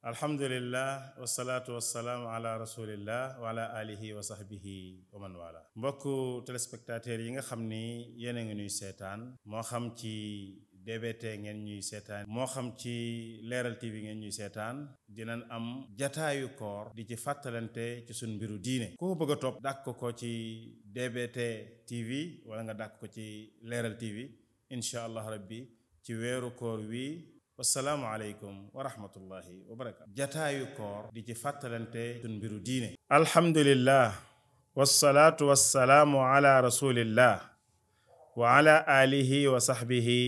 alhamdulillah wasalaatu wasalaamu ala rasulillah wa ala alihi wa sahbihi wa man wala mbokku téléspectateurs yi nga xam ni yéen a ngi ñuy seetaan moo xam ci DBT ngeen ñuy seetaan moo xam ci Leeral TV ngeen ñuy seetaan dinañ am jataayu koor di ci fàttalante ci suñ mbiru diine ku ko bëgg a topp dàkk ko ci DBT TV wala nga dàkk ko ci Leeral TV incha allah rabbi ci weeru koor wi wassalaamu aleykum wa wa barakaatu jataayu koor di ci fàttalante sun mbiru diine alhamdulillah wassalaatu wassalaamu ala rasulillah wa ala alihi wa sahbihi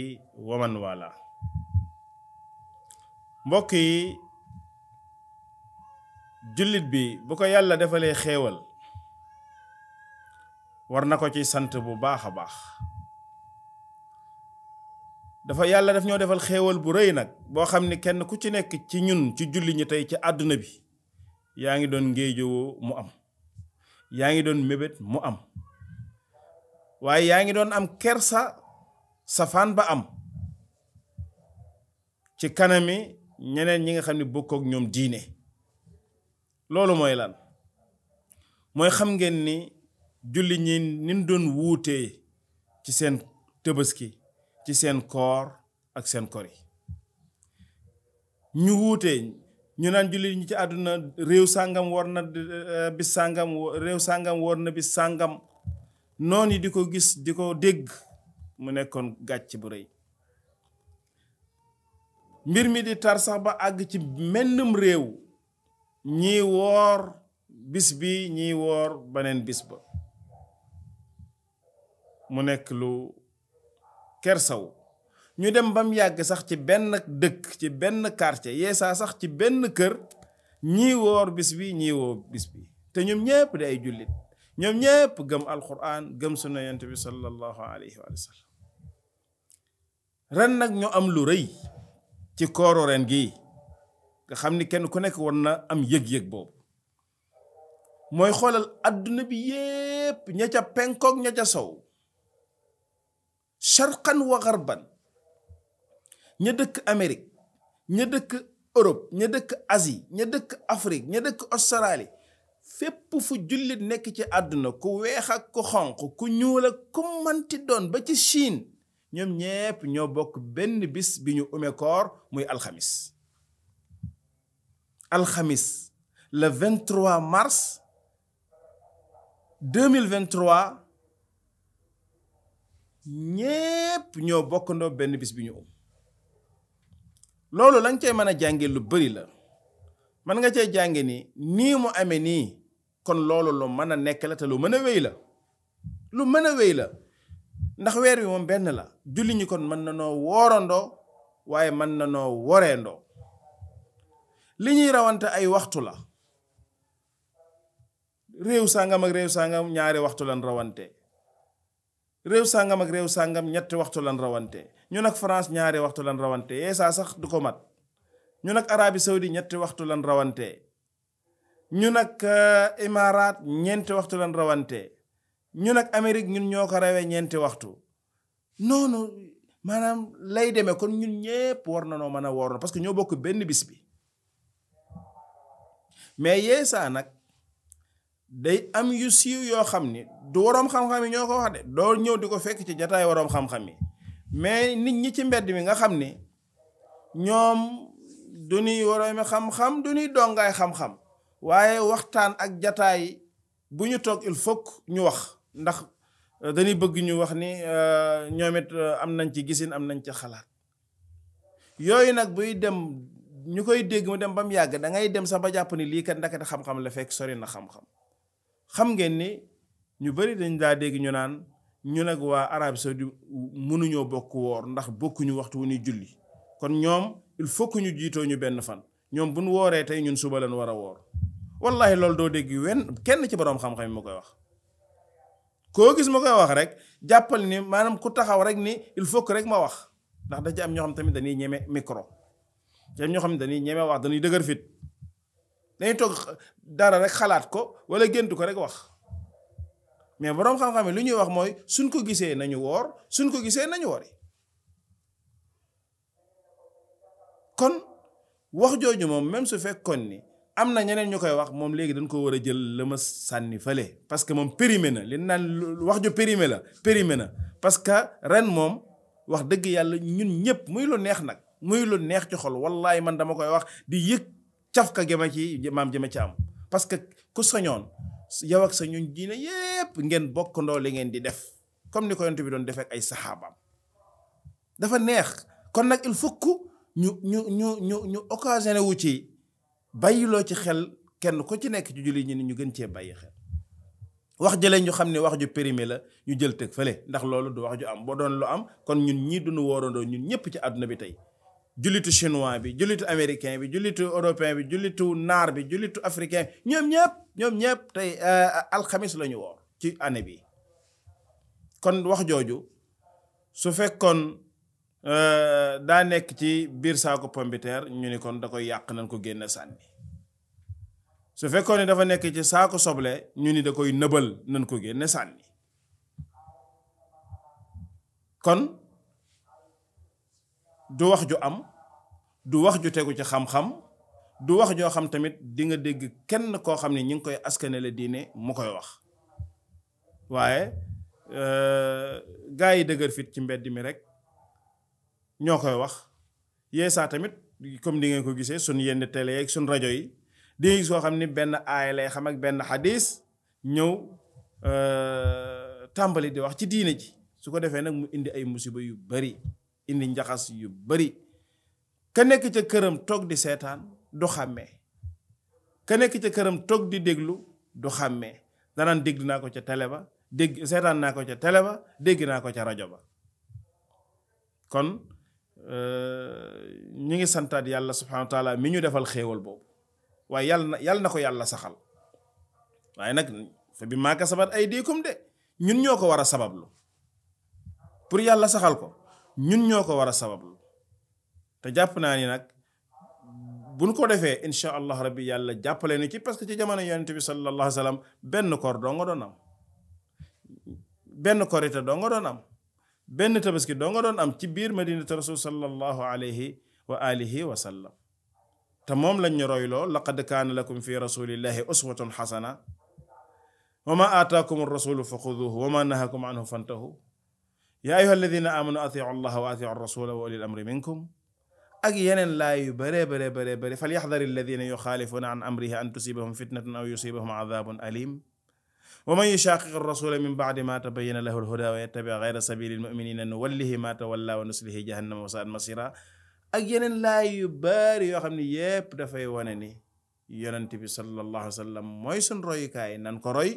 wa man wala mbokk yi jullit bi bu ko yàlla defalee xéewal war na ko ci sant bu baax a baax dafa yàlla daf ñoo defal xéewal bu rëy nag boo xam ni kenn ku ci nekk ci ñun ci julli ñi tey ci àdduna bi yaa ngi doon ngéejowoo mu am yaa ngi doon mébét mu am waaye yaa ngi doon am kersa safaan ba am ci kanami ñeneen ñi nga xam ne bokkook ñoom diine loolu mooy lan mooy xam ngeen ni julli ñi nin doon wuutee ci seen tëbaski ci seen koor ak seen kori ñu wuute ñu naan jullit ñi ci àdduna réew sàngam wor na eh, bis sàngam réew sàngam noonu di ko gis di ko dégg mu nekkoon gàcc bu rëy mbir mi di tar ba àgg ci mennum réew ñi woor bis bi ñii woor beneen bis ba mu nekk lu kersaw ñu dem ba mu yàgg sax ci benn dëkk ci benn quartier yeesaa sax ci benn kër ñii woor bis bi ñii woor bis bi te ñoom ñëpp di ay jullit ñoom ñëpp gëm alquran gëm sunna yonent bi sallallahu alayhi wa ren nag ñu am lu rëy ci kooru ren gii nga xam ni kenn ku nekk war na am yëg-yëg boobu mooy xoolal adduna bi yépp ña ca penkook ña ca sow sharqan wa garban ña dëkk Amérique ña dëkk Europe ña dëkk Asie ña dëkk Afrique ña dëkk Australie fépp fu jullit nekk ci àdduna ku weex ak ku xonq ku ñuul ak manti doon ba ci Chine ñoom ñépp ñoo bokk benn bis bi ñu ume koor muy alxamis alxamis le 23 mars 2023 ñépp ñoo bokkandoo benn bis bi ñu um loolu lañ cey mën a jànge lu bari la mën nga cey jànge ni nii mu amee nii kon loolu lu mën a nekk la te lu mën a wéy la lu mën a wéy la ndax weer wi moom benn la julli ñi kon mën na noo woorandoo waaye mën na noo woreendoo li ñuy rawante ay waxtu la réew sàngam ak réew sàngam ñaari waxtu lan rawante réew sàngam ak réew sàngam ñetti waxtu lan rawante ñun ak France ñaari waxtu lan rawante yeesaa sax du ko mat ñun ak Arabie Saoudi ñetti waxtu lan rawante ñun ak euh, Émirats ñeenti waxtu lan rawante ñun ak Amérique ñun ñoo ko rawee ñeenti waxtu noonu maanaam lay demee kon ñun ñépp war na noo mën a woor parce que ñoo bokk benn bis bi mais yeesaa nag day am yu siiw yoo xam ni du waroom xam-xam yi ñoo ko wax de doo ñëw di ko fekk ci jataay waroom xam-xam mais nit ñi ci mbedd mi nga xam ni ñoom du ñuy waroomi xam-xam du ñuy dongaay xam-xam waaye waxtaan ak jataay bu ñu toog il faut ñu wax ndax euh, dañuy bëgg ñu wax ni euh, ñoom it euh, am nañ ci gisin am nañ ci xalaat yooyu nag buy dem ñu koy dégg mu dem ba mu yàgg da ngay dem sax ba jàpp ni lii kat ndakate xam-xam la fekk sori na xam-xam xam ngeen ni ñu bari dañ daa dégg ñu naan ñu nag waa Arabie Saoudite mënuñoo bokk woor ndax bokkuñu waxtu wu ñuy julli kon ñoom il faut ñu jiitoo ñu benn fan ñoom bu ñu wooree tey ñun suba leen war a woor wallahi loolu doo dégg wenn kenn ci boroom xam-xam yi ma koy wax. koo gis ma koy wax rek jàppal ni maanaam ku taxaw rek ni il faut rek ma wax ndax da ci am xam tamit dañuy ñeme micro te ñoo xam dañuy ñeme wax dañuy dëgër fit. dañuy toog dara rek xalaat ko wala géntu ko rek wax mais boroom xam-xam yi lu ñuy wax mooy suñ ko gisee nañu woor suñ ko gisee nañu wori kon wax jooju moom même su fekkoon ni am na ñeneen ñu koy wax moom léegi dañ ko war a jël la ma sànni fële parce que moom périmé na li naan wax ju périmé la périmé na parce que ren moom wax dëgg yàlla ñun ñëpp muy lu neex nag muy lu neex ci xol wallaay man dama koy wax di yëg cafka gema ci maam jëma ci am parce que ku sañoon yow ak sa ñun diine yépp ngeen bokkandoo li ngeen di def comme ni ko bi doon defee ak ay saxaabaam dafa neex kon nag il faut ñu ñu ñu ñu ñu occasionné wu ci bàyyiloo ci xel kenn ku ci nekk ci julli ñi ni ñu gën cee bayyi xel wax jële ñu xam ne wax ju périmé la ñu jël tëg fële ndax loolu du wax ju am boo doon lu am kon ñun ñii du duñu woorandoo ñun ñëpp ci àdduna bi tey jullitu chinois bi jullitu américain bi jullitu européen bi jullitu naar bi jullitu africain ñoom ñëpp ñoom ñëpp tey euh, alxamis lañu ñu ci année bi kon wax jooju su fekkoon euh, daa nekk ci biir saako pombiteer ñu ni kon da koy yàq nañ ko génn sànni su fekkoon ne dafa nekk ci saako soble ñu ni da koy nëbal nañ ko génn sànni kon du wax ju am du wax ju tegu ci xam-xam du wax joo xam tamit di nga dégg kenn koo xam ne ñi ngi koy askanale diine mu koy wax waaye euh, gaa yi dëgër fit ci mbedd mi rek ñoo koy wax saa tamit comme di ngeen ko gisee sun yenn télé ak sun rajo yi di nga gis koo xam ni benn aaya lay xam ak benn xadis ñëw euh, tàmbali di wax ci diine ji su ko defee nag mu indi ay musiba yu bari indi njaxas yu bari ka nekk ca këram toog di seetaan du xàmmee ka nekk ca këram toog di déglu du xàmmee danaan dégg naa ko ca télé ba dégg seetaan naa ko ca télé ba dégg naa ko ca rajo ba kon euh, ñu ngi santaat yàlla subhanahu mi ñu defal xéewal boobu waaye yàlla na yàlla na ko yàlla saxal waaye nag fa bi maa ay diikum de ñun ñoo ko war a sabablu pour yàlla saxal ko ñun ñoo ko war a sabablu te jàpp naa ni nag buñ ko defee incha allah rabbi yàlla jàppale ni ci parce que ci jamono yonent bi sallallahu wa sallam benn koor doo nga doon am benn korite doo nga doon am benn tabaski doo doon am ci biir madinatu rasul sallallahu alayhi wa alihi wa sallam te moom lañ ñu royloo laqad kaana lakum fi rasulillahi uswatun xasana wa ma aataakum rasulu fa xuduhu wa ma nahakum anhu fantahu yaa ayyuha alladina amanu atiu allaha wa atiu rasula wa ulil amri minkum ak yeneen laay yu bëree bëree bëree bëri fal yaxdari alladina yuxaalifuna an amrihi an tusibahum fitnatun aw yusibahum adabun alim wa man yushaqiq rasula min bacdi ma tabayana lahu alhuda wa yattabi gayra sabili almuminina nuwallihi ma tawalla wa nuslihi jahannama wa saat masira ak yeneen laay yu bëri yoo xam ne yépp dafay wane ni yonent bi sallallahu alayhi wa sallam mooy suñ royukaay nan ko roy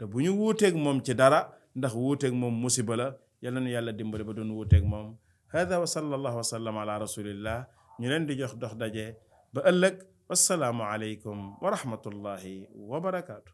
te bu ñu wuuteeg moom ci dara ndax wuuteeg moom musiba la yal na nu yàlla dimbali ba doon wuuteeg moom hada wa sallallahu wa sallam ala rasulillah ñu leen di jox dox daje ba ëllëg wassalaamu aleykum wa rahmatullahi wa barakaatu